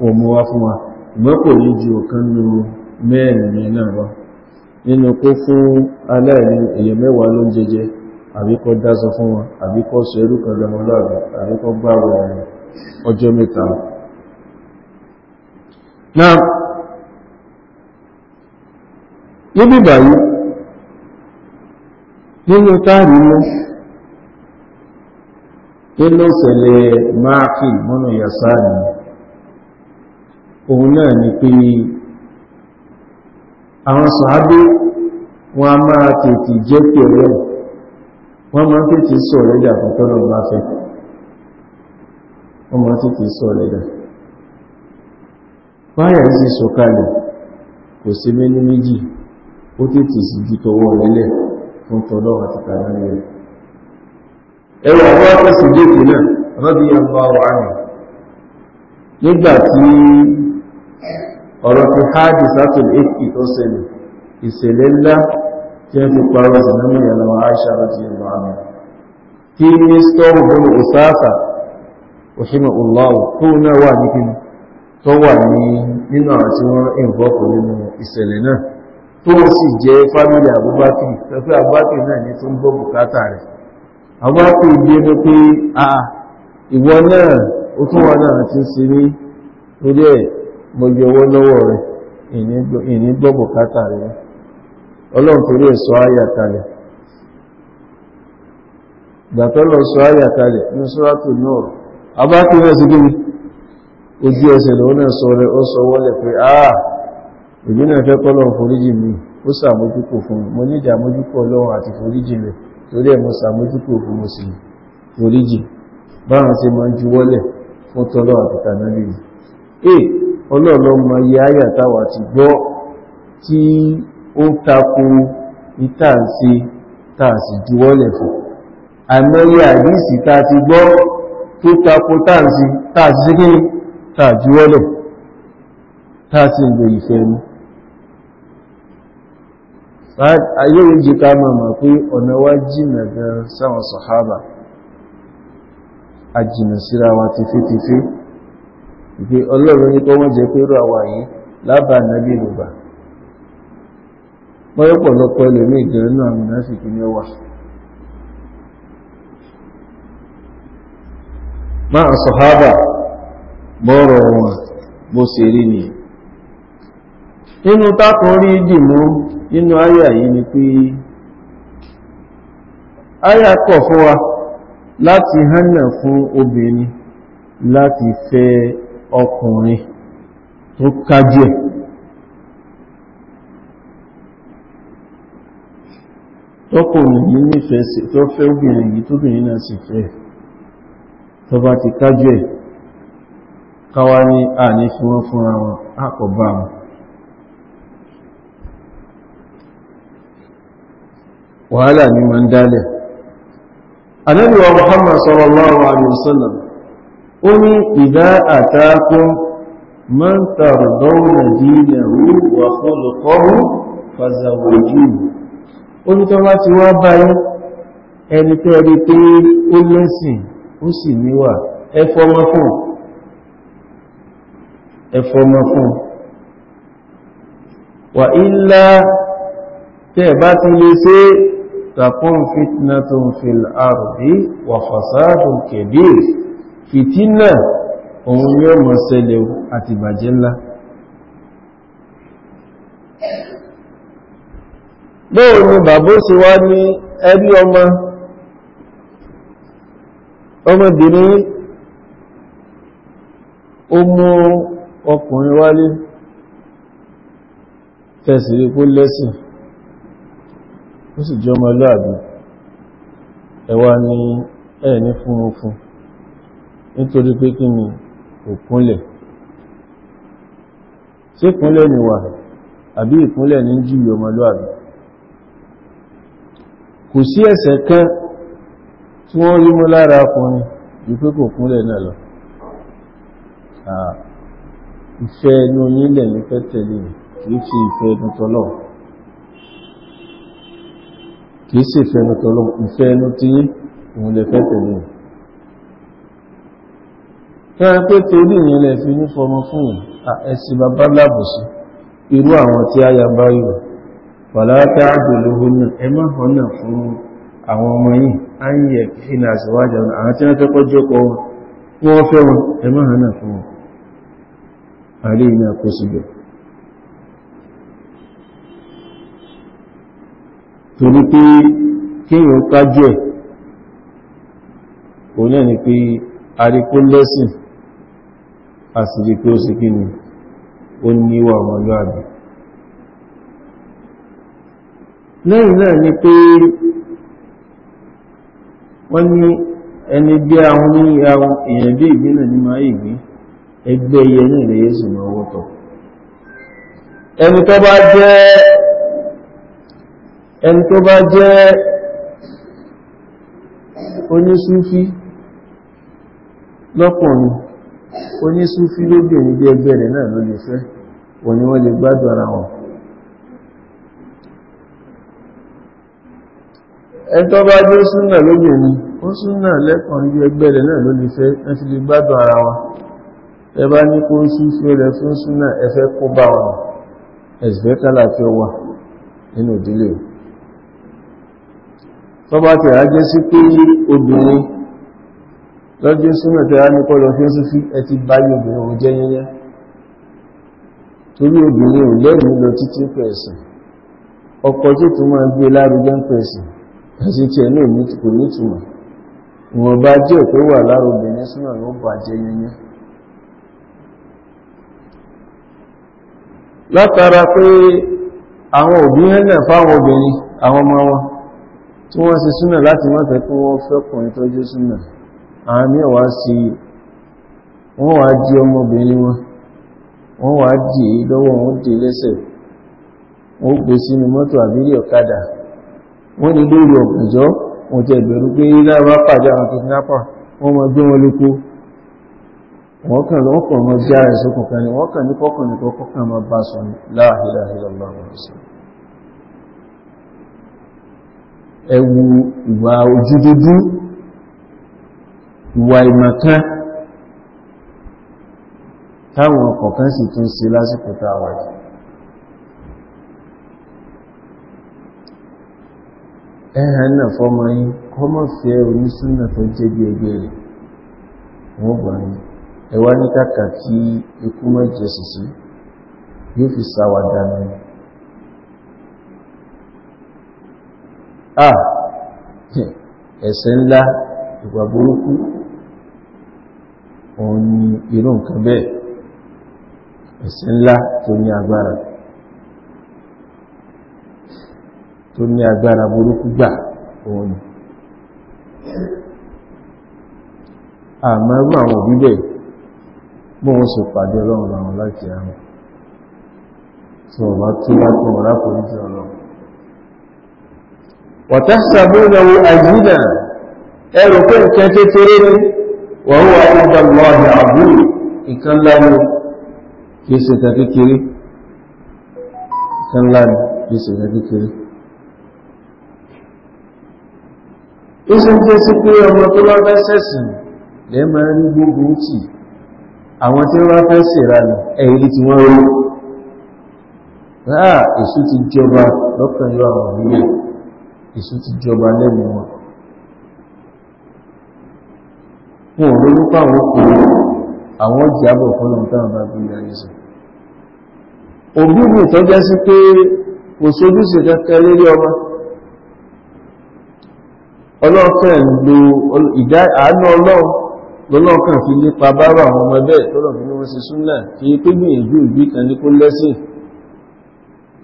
[SPEAKER 1] wọn mú wá fún wa ṣùgbọ́n kò ní ọ̀kan nínú mẹ́rin fún aláìní èèyàn mẹ́wàá ló ń jẹjẹ àbíkọ dáso fún wa àbíkọ sọ ẹrú kan lọ́mọlọ́àbí àbíkọ́ bá wọn ọjọ́ mẹ́ta náà níbi báyìí nínú táàrí òun náà ni pé àwọn sàábé wọn a máa tètè jẹ́ pé ọlọ́run wọ́n máa tètè sọ lẹ́dà fún bá fẹ́ máa tètè sọ lẹ́dà báyà sí sọ̀kalẹ̀ kò sí mẹ́ni méjì ó tètè sì di tọwọ́ lẹ́lẹ̀ fún tọ́lọ̀ àti kàdáni rẹ̀ ẹwà wọ́n fẹ́ sí déèkì náà rọ́bì yàmbá wà ọ̀rọ̀ ti hajj sátòlù èkì tó ṣẹlẹ̀ ìṣẹ̀lẹ̀ ńlá tí ó fi parọ́ na ìyàlọ́ aṣà àti ìlú àmì tí ní stọ́rù bọ́lù ìsáàsà òṣìmọ̀ tó náà wà ní kí tó wà ní nínú àwọn tí wọ́n ìnvọ́pù nínú ìṣẹ̀lẹ̀ náà tó sì jẹ́ àbúbákì àbúbákì náà ní tó ń bọ́ bùkátà rẹ̀ a ah, ìwọ náà ó tún wà náà ti ń mo yọ owó lọ́wọ́ rẹ̀ ìní gbọ́ bùkátà rẹ̀ ọlọ́run torí ẹ̀sọ́ ayàkalẹ̀ gbàtọ́lọ̀ sọ ayàkalẹ̀ ní sọ́ràtù náà abákùn rẹ̀ sí gíní ojú ẹsẹ̀ lọ́wọ́ náà sọ rẹ̀ ó sọ wọ́lẹ̀ pé ah, mi ó sàmójúkò fún mi mo ní àti foríjì rẹ̀ torí ẹ̀ mo sàmójúkò fún mo sì foríjì báwọn máa ń juwọ́lẹ̀ ọlọ́ọ̀lọ́mọ yẹ áyà táwà ti gbọ́ tí ó tako ìtàǹsí tàǹsì juwọ́lẹ̀ fún àìmọ́yẹ àdíìsì tá ti gbọ́ tó tako tàǹsí tàǹsì síkíní tàjuwọ́lẹ̀ tàǹsì ìlò ìfẹ́ mú ayé ìjì ká máa mọ̀ pé ọ̀nà wá jìnà gan sáwọn sàhábà àjìnà síra wa tefétefé Nke ọlọ́run ní kọ́ wọ́n jẹ pé rọ lábàá nàbí ìrùbà wọ́n pọ̀lọpọ̀ ẹlòmí ìjọrẹ́ náà àmì ní ọwà a, sọ̀hábà wọn bó ṣe rí ni nínú tákùn rí dìmú nínú àyà yìí ni kọ̀ fún wa láti hánà fún obìnrin láti fẹ́ ọkùnrin tó kájú ẹ̀ tọ́kùnrin yìí nífẹ̀ẹ́ sí tó fẹ́ obìnrin yìí tóbìnrin náà sì fẹ́ tó bá ti kájú ẹ̀ káwá ní àní fi wọ́n fúnra wọn àkọ̀bá wọn wàhálà ni wọ́n dálẹ̀ Ànábì wa Muhammad sallallahu alaihi wasallam ó ní ìdá àtàkùn man tardawna dinahu wa khuluquhu fazawwijuhu ó ní tó wá ti wá báyìí ẹni tẹ́ rí pé ó lẹ́sìn ó sì níwà ẹ fọmọ fún ẹ wà ilá tẹ́ bá tún lè ṣe takun fitnatun fil ardi wa fasadun kabir fìtínà òun ni ó mọ̀ ṣẹlẹ̀ àti bàjẹ́ ńlá bóò ni bàbó ṣe wá ní ẹbí ọmọ ọmọbìnrin ó mú ọkùnrin wálé tẹ̀sìrí kó lẹ́sìn ó sì jẹ́ ọmọ lọ́àbí ẹwà ni ẹni fún fún nítorí pé kí ni òkúnlẹ̀ ṣé ìkúnlẹ̀ ni wà àbí ìkúnlẹ̀ ní jíyọ ọmọlúwàbí kò sí ẹ̀ṣẹ̀ kan tí wọ́n rí mú lára ọkùnrin ju pé kò kúnlẹ̀ náà lọ ìfẹ́ ẹnu nílẹ̀ ní fẹ́ tẹ̀lé kìí ṣe ìfẹ́ ẹnu tọ́lọ̀ kìí ṣe ìfẹ́ ẹnu tọ́lọ̀ ìfẹ́ ẹnu tí òun lè fẹ́ fẹ́rẹ́ pé torí ìyẹn lẹ̀ fi ní fọmọ fún yìí ẹ̀sì bàbá lábùsí irú àwọn tí a ya báyìí pàlátà àjòlówó náà ẹ má hàn náà fún àwọn ọmọ yìí a ń yẹ kí ní wọn àwọn tí wọ́n fẹ́ wọn fẹ́ wọn ẹ hàn náà fún wọn àrí a sì rí pé ó sì kí ni ó níwà ọmọlúàbí lẹ́yìn náà ni pé wọ́n ní ẹni bí àwọn ní àwọn èèyàn bí ìgbínà ní máa ìgbín ẹgbẹ́ iye ní ilẹ̀ yéṣù máa wọ́tọ̀ ẹni tó bá jẹ́ ẹni tó bá onísúfí lóbìnrin bí ẹgbẹ́ rẹ̀ náà ló lè fẹ́ òní wọ́n lè gbádùn ara wọn ẹ̀tọ́ bá jẹ́ súnà lóbìnrin ó súnà lẹ́kàn bí ẹgbẹ́ rẹ̀ náà ló lè fẹ́ ẹ fi lè gbádùn ara wọn ẹ bá ní kó súnfí rẹ̀ fún súnà ẹ fẹ́ kó bá wọn ẹ̀sìfẹ́ kálàfẹ́ wà nínú ìdílé tọ́bá á jẹ́ sí pé obìnrin lọ́jọ́ súnmọ̀ tẹ́ wá ní kọ́lọ fí ó sí sí ẹ ti bá yóò bẹ̀rẹ̀ òun jẹ́ yẹ́yẹ́ torí obìnrin ò lẹ́rìí lọ títí pẹ̀sìn ọkọ̀ tó tún máa gbé lárugẹ ń pẹ̀sìn ẹ̀sì tí ẹ̀ náà kò ní ìtumọ̀ ìwọ̀n bá jẹ́ tó wà lára obìnrin súnmọ̀ ló bà jẹ́ yẹ́yẹ́ àwọn mí wá sí wọ́n wá jí ọmọbìnrin wọn wọ́n wá dì í lọ́wọ́ wọn dì í lẹ́sẹ̀ wọ́n gbé sínú mọ́tò àbílí ọ̀kadà wọ́n ní lórí ọ̀gànjọ́ wọ́n ti ẹ̀bẹ̀rú pé lára pàdé àwọn kìdínápà wọ́n mọ gbé wọn lóko wọ́n kàn ìwà ojú dúdú ìwà ìmọ̀kán táwọn kọ̀ọ̀kan sì tún ṣe lásìkò táwà jù ẹ̀hàn náà fọ́mọ yín kọ́mọ̀ fẹ́ onísúnà tó jẹ́ bí ẹgbẹ́ rẹ̀ wọ́n bọ̀ ní ẹwà ní kàkà kí ikú mẹ́jẹ sìsí yóò fi sàwàdà ní à ah, ńlá ìwà burúkú òun ni irú nǹkan bẹ́ẹ̀ ẹ̀ṣẹ̀ ńlá tó ní agbára tó ní agbára burúkú gbà òun ni àmọ́rú àwọn òbí bẹ́ẹ̀ bó wọ́n sì pàdé ọlọ́run àwọn láti àwọn tí wọ́n bá tó bá tó wọ́n lápò nítorí ọlọ́run wọ̀tá sàbẹ̀wò àjíǹdà ẹrù pé nǹkan kékeré ni wọ́n wà nígbà lọ́ọ̀dẹ̀ àbúrò ìkan lánà kìí ṣe tàbí kiri ìkan lánà kìí ṣe tàbí kiri ó sì ń jẹ́ sí pé ọmọ tó bá fẹ́ sẹ̀sìn lẹ́ máa ń gbogbo tì àwọn tí wọ́n fẹ́ ṣèlànà ẹ̀yìn tí wọ́n rú ráà èṣù ti jọba lọ́kàn yọ àwọn ìlú èṣù ti jọba lẹ́nu wọn wọn ò lórí fáwọn kò àwọn ìjábọ̀ fọ́lọ̀ táwọn bá gbé ayé sọ òbí mi tọ́já sí pé kò sójúṣe kankan lérí ọmọ ọlọ́ọ̀kan lo ìdá àánú ọlọ́run lọ́lọ́ọ̀kan fi nípa bára àwọn ọmọ bẹ́ẹ̀ tọ́lọ̀ fi ní wọ́n ṣe súnà kí pé gbìyànjú ìgbé kan ní kó lẹ́sìn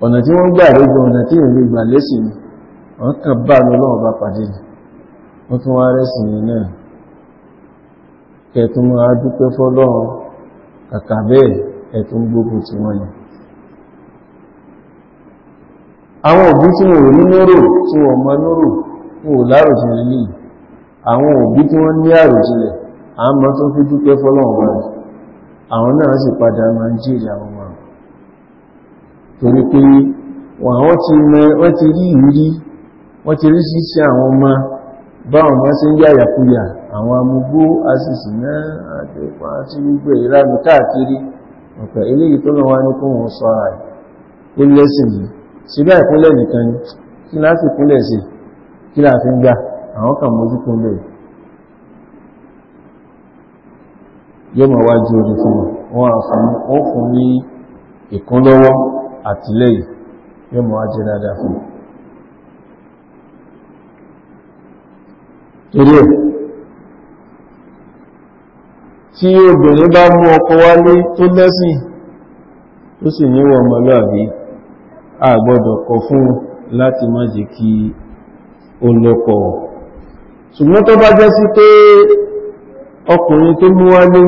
[SPEAKER 1] ọ̀nà tí wọ́n gbà lójú ọ̀nà tí ìrìn lè gbà lẹ́sìn ni wọ́n kàn bá lọ́lọ́ọ̀ bá pàdé ni wọ́n tún wá rẹ́sìn náà kẹtùn máa dúpẹ́ fọ́lọ́run kàkà bẹ́ẹ̀ ẹ̀tùn gbogbo tí wọ́n yìí àwọn òbí tí wọ́n ní tí wọ́n wọ́n yìí àwọn òbí tí wọ́n ní a mọ́ tó fi dúpẹ́ fọ́lọ́run àwọn wọ́n báwọn ń àwọn amugbó asìsì náà àti ipa àti gbogbo ìlànà káàkiri ọ̀pẹ̀ eléyìí tó lọ wá ní kó wọn sọ ara ó lẹ́sìn yìí síbẹ̀ ìkúnlẹ̀ nìkan ni kí láti kúnlẹ̀ sí kí láti ń gbà àwọn kan mójú kún bẹ̀rẹ̀ yóò máa wá jí orí fún wọn ó fún ní ìkúnlọ́wọ́ àtìlẹ́yìn yóò máa wá jẹ́ dáadáa fún torí ẹ̀ tí obìnrin bá mú ọkọ wálé tó lẹ́sì tó sì níwọ̀ ọmọlúàbí a gbọ́dọ̀ kọ fún láti má jẹ́ kí ó ṣùgbọ́n tó bá jẹ́ sí pé ọkùnrin tó mú wálé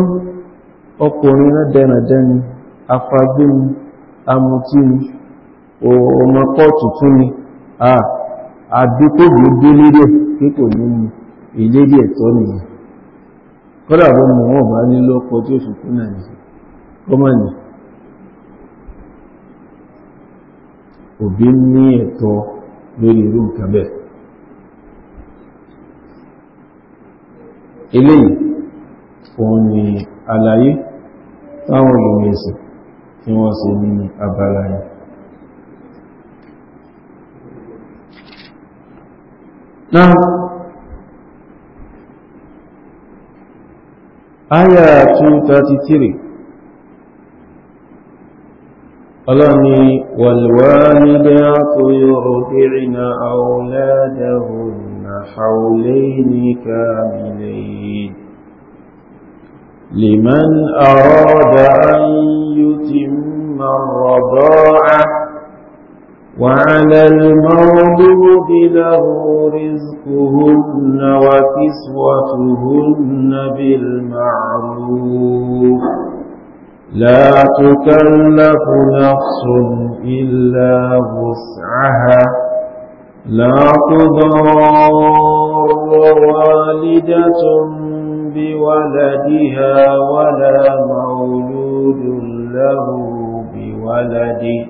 [SPEAKER 1] ọkùnrin rẹ́dẹ̀rẹ̀dẹ́ni afagbéni gbé kọ́dà bọ́ mọ̀ wọ́n bá ní lọ́pọ̀ tí ó fi kú náà nìyí kọ́mọ̀ ní òbí ní ẹ̀tọ́ lórí irú nǹkan bẹ́ẹ̀ eléyìí òun ni àlàyé táwọn olùmẹ̀sì tí wọ́n ṣe ní abala yìí náà Aya 233 Ọlọ́ni والوالدات يرضعن أولادهن حولين كاملين لمن أراد أن يتم الرضاعة وعلى الموضوع له رزقهن وكسوتهن بالمعروف لا تكلف نفس إلا وسعها لا تضار والدة بولدها ولا مولود له بولده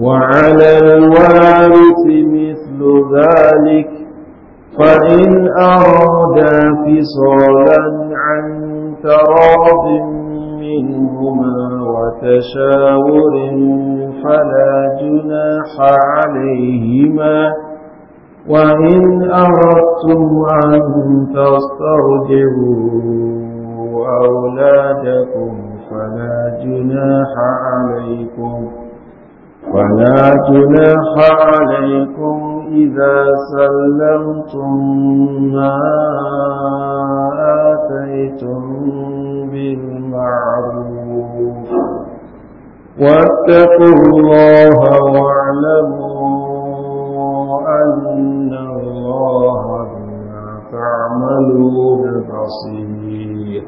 [SPEAKER 2] وعلى الوارث
[SPEAKER 1] مثل ذلك فإن أرادا فصالا عن تراض منهما وتشاور فلا جناح عليهما وإن أردتم أن تسترجعوا أولادكم فلا جناح عليكم ولا جناح عليكم إذا سلمتم ما آتيتم بالمعروف واتقوا الله واعلموا أن الله بما تعملون بصير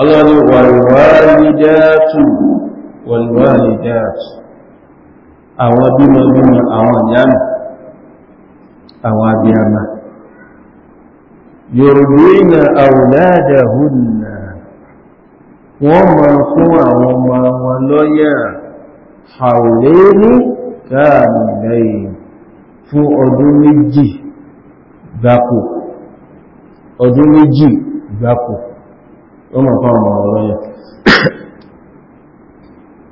[SPEAKER 1] الله والوالدات والوالدات àwọn bímọ bímọ àwọn ìyáàmù àwọn abiyama yorùbínà àwòládàhùnà wọ́n ma fún àwọn ọmọ wọn lọ́yà hàwlérí káàmìlẹ́yìn fún ọdún méjì gbáko ọdún méjì gbáko wọ́n ma fún àwọn ọmọ lọ́yà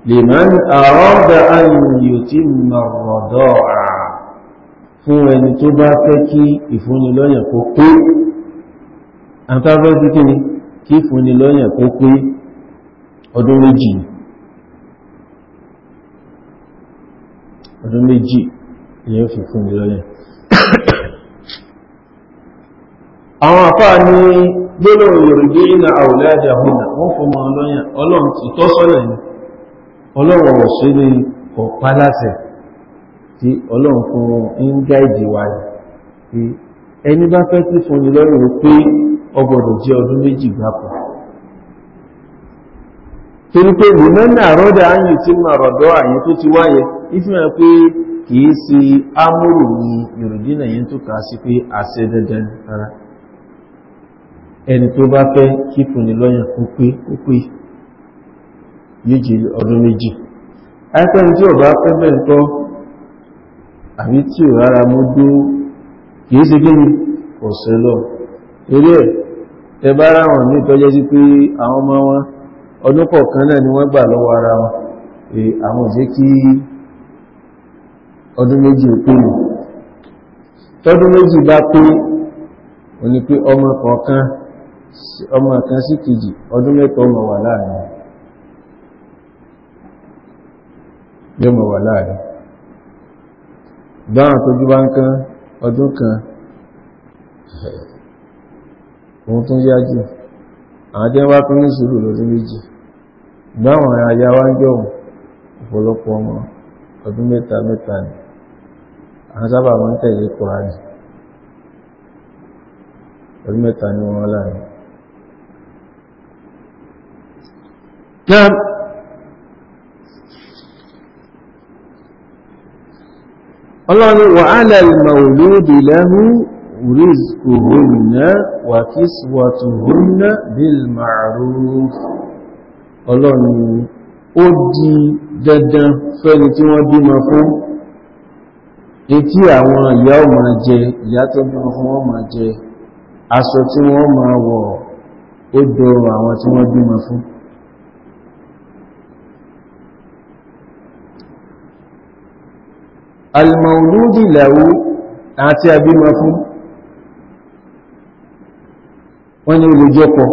[SPEAKER 1] lèmọ́n àrọ́dà ayòyò tí mọ̀rọ̀dọ́ à fún ẹni tó bá fẹ́ kí ìfúnnilọ́yàn kó pé àtàbẹ́ ni kí ìfúnnilọ́yàn kó pé ọdún méjì ọdún méjì ìyẹn fi fúnnilọ́yàn àwọn ní àwòlẹ́ wọ́n ọlọ́yàn ọlọ́run ọlọ́run ọ̀ṣẹ́ ní ọ̀pá láṣẹ tí ọlọ́run fún wọn ń ẹni bá fẹ́ tí fún ni pé ọgbọ̀dọ̀ jẹ́ ọdún méjì torí pé àrọ́dà ayùn tí mà rọ̀dọ́ àyè tó ti wáyẹ ìfihàn pé sí amúrù ní yẹn tó kà sí pé àṣẹ dandan rárá ẹni tó bá fẹ́ kí pé méjì ọdún méjì ẹgbẹ́ tí ọba bá fẹ́ bẹ́ẹ̀ ńkọ́ àbí tí ò rárá mú dó kìí sí kí ọ̀sẹ̀ lọ eré ẹ̀ tẹ bá ráwọn ní ìtọ́jẹ́ sí pé àwọn ọmọ wọn ọdún kọ̀ọ̀kan náà ni wọ́n gbà lọ́wọ́ ara wọn àwọn kí ọdún méjì pé nù méjì bá pé ní pé yóò mọ̀ wà láàrin báwọn tójú bá ń kán ọdún kan òun tún yá jù àwọn jẹ́ wá tún ní sùúrù lọ́dún méjì báwọn aya wá ń jọ̀hún ọ̀pọ̀lọpọ̀ ọmọ ọdún mẹ́ta mẹ́ta ni àwọn sábà máa ń tẹ̀lé kùránì ọdún mẹ́ta ni wọ́n láàrin ọlọ́run wà alẹ́lmọ̀lúdì lẹ́hú rizquhunna wà kiswatuhunna bilma'ruf ọlọ́run ó di dandan fẹ́ni tí wọ́n bímọ fún etí àwọn ìyá ò máa jẹ ìyá tó bímọ fún wọn máa jẹ aṣọ tí wọ́n máa wọ̀ ó dọ̀rọ̀ àwọn tí wọ́n bímọ fún almauludi lahu àti àbímọ fún wọ́n ní olùjọ́pọ̀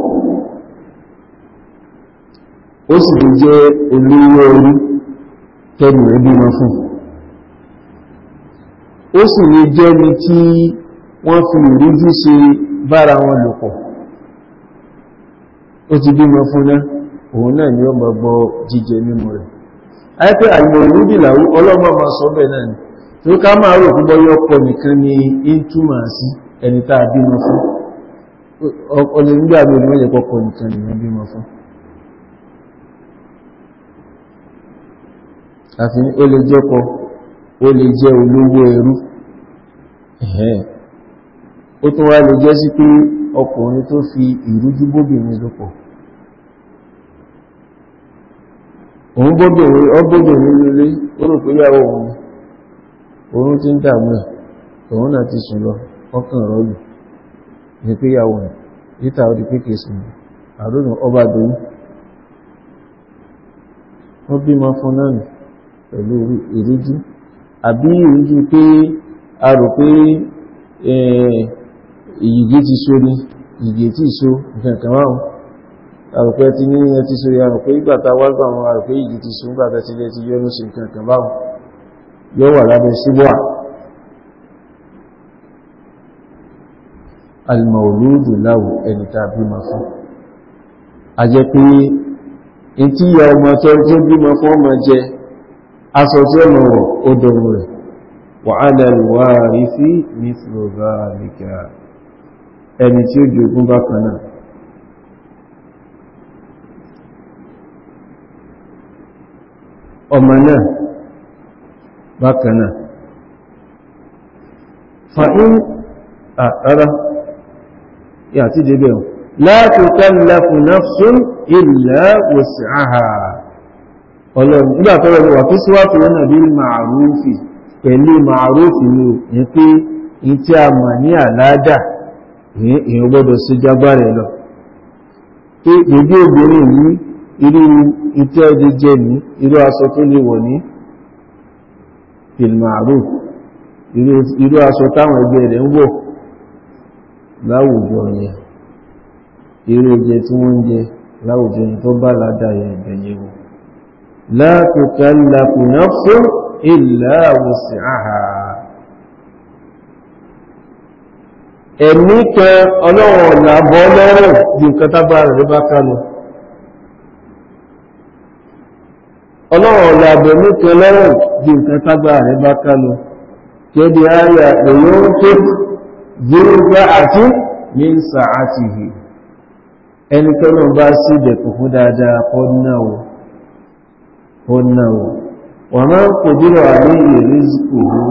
[SPEAKER 1] ó sì lè jẹ́ olówó orí tẹ́lù ẹbímọ fún ó sì lè jẹ́ ní tí wọ́n fi ìrújú ṣe bára wọn lòpọ̀ ó ti bímọ fún náà òun náà ni ó mọ̀ jíjẹ mímọ̀ rẹ̀ àìpẹ́ àìmọ̀ ìrúdìláwó ọlọ́mọ ma sọ bẹ́ẹ̀ náà tí ó ká máa rò púpọ̀ yọ pọ̀ nìkan ni ń túmọ̀ sí ẹni tá a bímọ fún ọlẹ́ nígbà nìkan ni wọ́n bímọ fún àfi ó lè jẹ́kọ ó lè jẹ́ olówó ẹrú ó tún wá lè jẹ́ sí pé ọkùnrin tó fi ìrújú bóbìnrin ló pọ̀ òun bóbìnrin ọgbóbìnrin ó oorun ti ń dààmú ẹ̀ òun náà ti sùn ọkàn rọ́ọ̀lù ní ya rẹ̀ yíta ó di pékè sùn àrùn ọba dòun wọ́n bímọ fún náà nì pẹ̀lú ìríjú àbí ìríjú pé a rò pé ìyìgì ti so ìyìgì ti so nǹkan kan àròpẹ́ ti ní ẹ ti so ya ìgbà tá a wá gbà wọn ti so nígbà tá ti ti sí nǹkan yóò wà lábẹ́ síbúà alìmọ̀lúdù láwù ẹni tàbí ma fún a jẹ́ pé in tí yà ọmọ tó tó bímọ fún ọmọ jẹ aṣọ tí ọmọ rọ̀ ó dọ̀rọ̀ rẹ̀ wà alẹ́lùwà rí sí ní ṣlọ́gá ọmọ náà bákan náà fa'in àtàrà ti débẹ̀ wọn la tukallafu nafsun illa wus'aha ọlọ́run nígbà tọ́rọ ni wà tó síwájú wọn nàbí màárùfì pẹ̀lú màárùfì pé in tí a mọ̀ ní àládà èyàn gbọ́dọ̀ sí jágbárẹ̀ lọ pé gbogbo obìnrin yìí irú ìtẹ́ ọdẹ jẹ ní irú aṣọ tó lè wọ̀ ní bilmaruf irú aṣọ táwọn ẹgbẹ́ rẹ̀ ń wọ̀ láwùjọ yẹn irú oúnjẹ tí wọ́n ń jẹ láwùjọ yẹn tó bá ládàá yẹn ìbẹ̀yẹ wò la tukallafu nafsun illa wus'aha ẹ̀mí kan ọlọ́run ọ̀nà àbọ̀ ọlọ́run bí nǹkan tábà rẹ̀ bá kánu ọlọ́run ọ̀la àbẹ̀mí kan lọ́rùn bí nǹkan tágbà rẹ̀ bá ká lọ kéde àyà èyí ń ké zirga àti ní sàátì yìí ẹni tọ́nà bá sí ìdẹ̀kùn fún dáadáa ọ̀nàwó wà máa ń kò dúró àní ìrìsìkò hù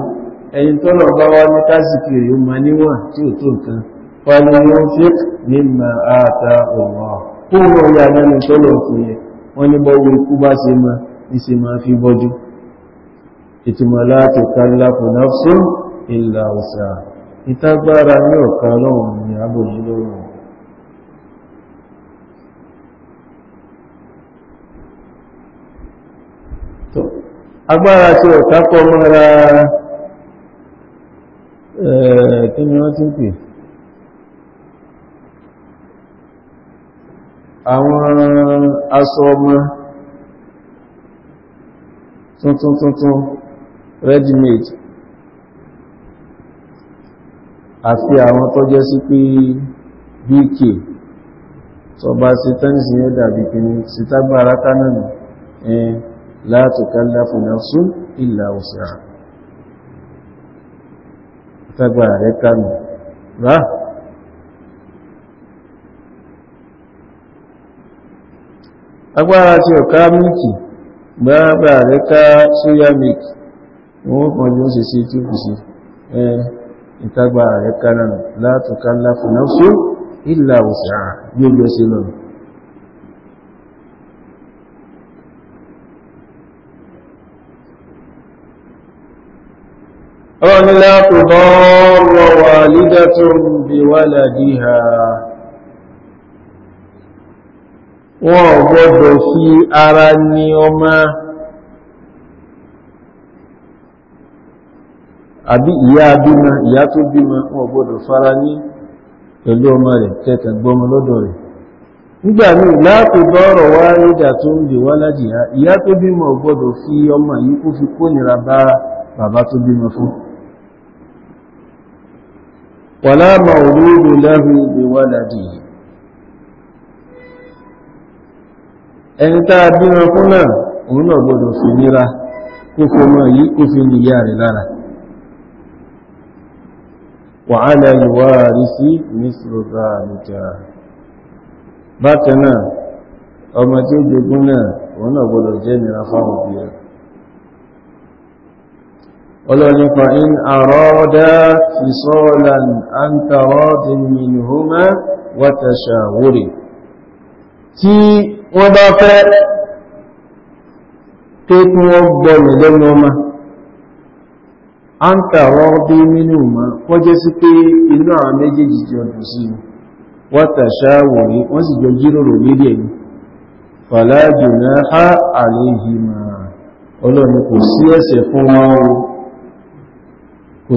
[SPEAKER 1] ẹni tọ́nà bá wá ní ma níwà tí ò tó nǹkan wani yóò fi mímọ̀ kó yà lẹ́nu tọ́nà isi ma fi bọ́jú ìtumọ̀ láti kàlàfù náfsù ìlà òsà ìtagbára ní ọ̀ká lọ́wọ́n ni àbòjú lọ́rùn agbára tí ọ̀ká kọ mara kí àwọn aṣọ tuntun tuntun ready made àfi àwọn tó jẹ́ sí pé bk tó bá sí tẹ́nìsì yẹ́ dàbí kìíní sí tágbàrá kánàlù ẹn la tukallafu nafsun illa wus'aha tágbàrá rẹ̀ kánù rá agbára tí ọ̀ká mílìkì gbárábà rẹ̀ ká soya milk wọ́n kan jọ ṣe sí tí kù sí ẹ ìtagbà rẹ̀ ká látọ̀ká láfún náà ìlà òsà yóò jọ sí lọ ọ̀nà látọ̀bọ̀ rọ̀ wà lídàtún bí wà wọ́n gbọ́dọ̀ fi ara ní ọmọ àbí ìyá bímọ ìyá tó bímọ wọ́n gbọ́dọ̀ fara ní pẹ̀lú ọmọ rẹ̀ kẹta gbọmọ lọ́dọ̀ rẹ̀ nígbà míì láti bọ́rọ̀ wá rídà tó ń wá ìyá tó bímọ fi ọmọ yìí kó fi kónira bá bàbá tó bímọ fún ẹni tá a bímọ fún náà òun náà gbọdọ̀ fi nira kó fi ọmọ yìí kó fi nìyá rẹ̀ lára wà á lẹ ìwà rí sí mísìlùbà àlùjá bákan náà ọmọ tí ó jogún náà òun náà gbọdọ̀ jẹ́ nira fáwọn òbí rẹ̀ ọlọ́ni fa in àrọ́dá fi sọ́ọ̀lan an tàwọ́dín mìnhúmá wátàṣà wúrì tí wọ́n bá fẹ́ pé kí wọ́n gbọ́lù lẹ́nu ọmọ a ń tààrọ bí nínú ma wọ́n jẹ́ sí pé inú àwọn méjèèjì jọ dùn sí wọ́n tàṣà wò ní wọ́n sì jọ jíròrò lórí ẹ̀yìn fàlájù náà àléhìmà ọlọ́run kò sí ẹ̀ṣẹ̀ fún wọn o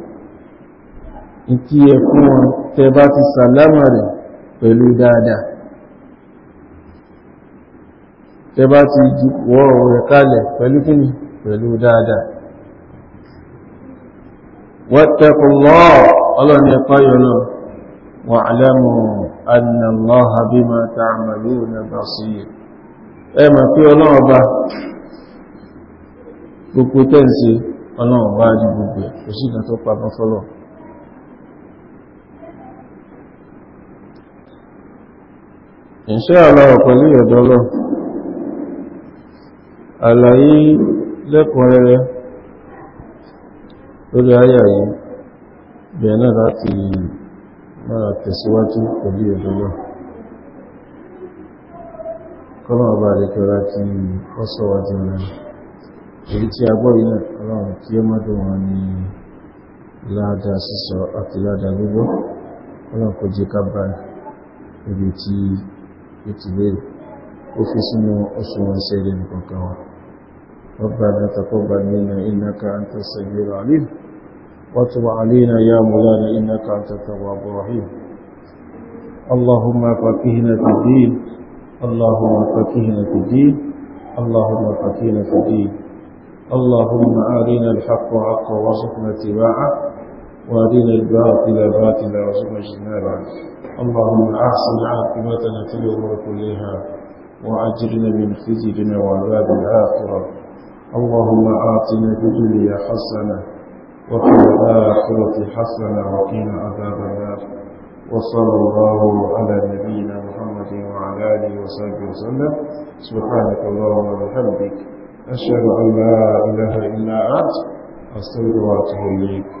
[SPEAKER 1] tí ẹ fún wọn tẹ bá ti sàlámà rẹ̀ pẹ̀lú dáadáa tẹ bá ti wọ́ rẹ̀ kalẹ̀ pẹ̀lú kíni pẹ̀lú dáadáa wọ́tẹ̀kùnlọ́ ọlọ́ni ẹ̀kọ́ yọ̀nà wà alẹ́mù annàlọ́ha bí ta àmàlú na basir ẹ ma pé ọlọ́ọ̀bá gbogbo tẹ́ǹsì ọlọ́ọ̀bá gbogbo kò sí pa Insha Allah pẹ̀lú ìyọ̀dọ́lọ́ àlàyé lẹ́kùnrẹ́rẹ́ lórí ayà yìí bẹ̀rẹ̀ náà láti máa tẹ̀síwájú pẹ̀lú ìyọ̀dọ́lọ́ kọ́nà ọba àdékọ́lá kí ó sọ́wájú rẹ̀ èyí tí a gbọ́ yìí ọlọ́run kí ó mọ́dún wọn ni láàdá sísọ àti láàdá gbogbo ọlọ́run ká bá ibi tí ìtìlérì ó fi sínú òṣùwọ̀n ṣẹ́rẹ̀ nìkọ̀ọ̀kan wa ربنا تقبل منا إنك أنت السميع العليم وتب علينا يا مولانا إنك أنت التواب الرحيم اللهم فقهنا في الدين اللهم فقهنا في الدين اللهم فقهنا في الدين اللهم أرنا الحق حقا وارزقنا اتباعه وأرنا الباطل باطلا وارزقنا اجتنابه اللهم أحسن عاقبتنا في الأمور كلها وأجرنا من خزي الدنيا وعذاب الآخرة اللهم اعطنا في الدنيا حسنة وفي الآخرة حسنة وقنا عذاب النار وصلى الله على نبينا محمد وعلى آله وصحبه وسلم سبحانك اللهم وبحمدك أشهد أن لا إله إلا أنت أستغفرك وأتوب إليك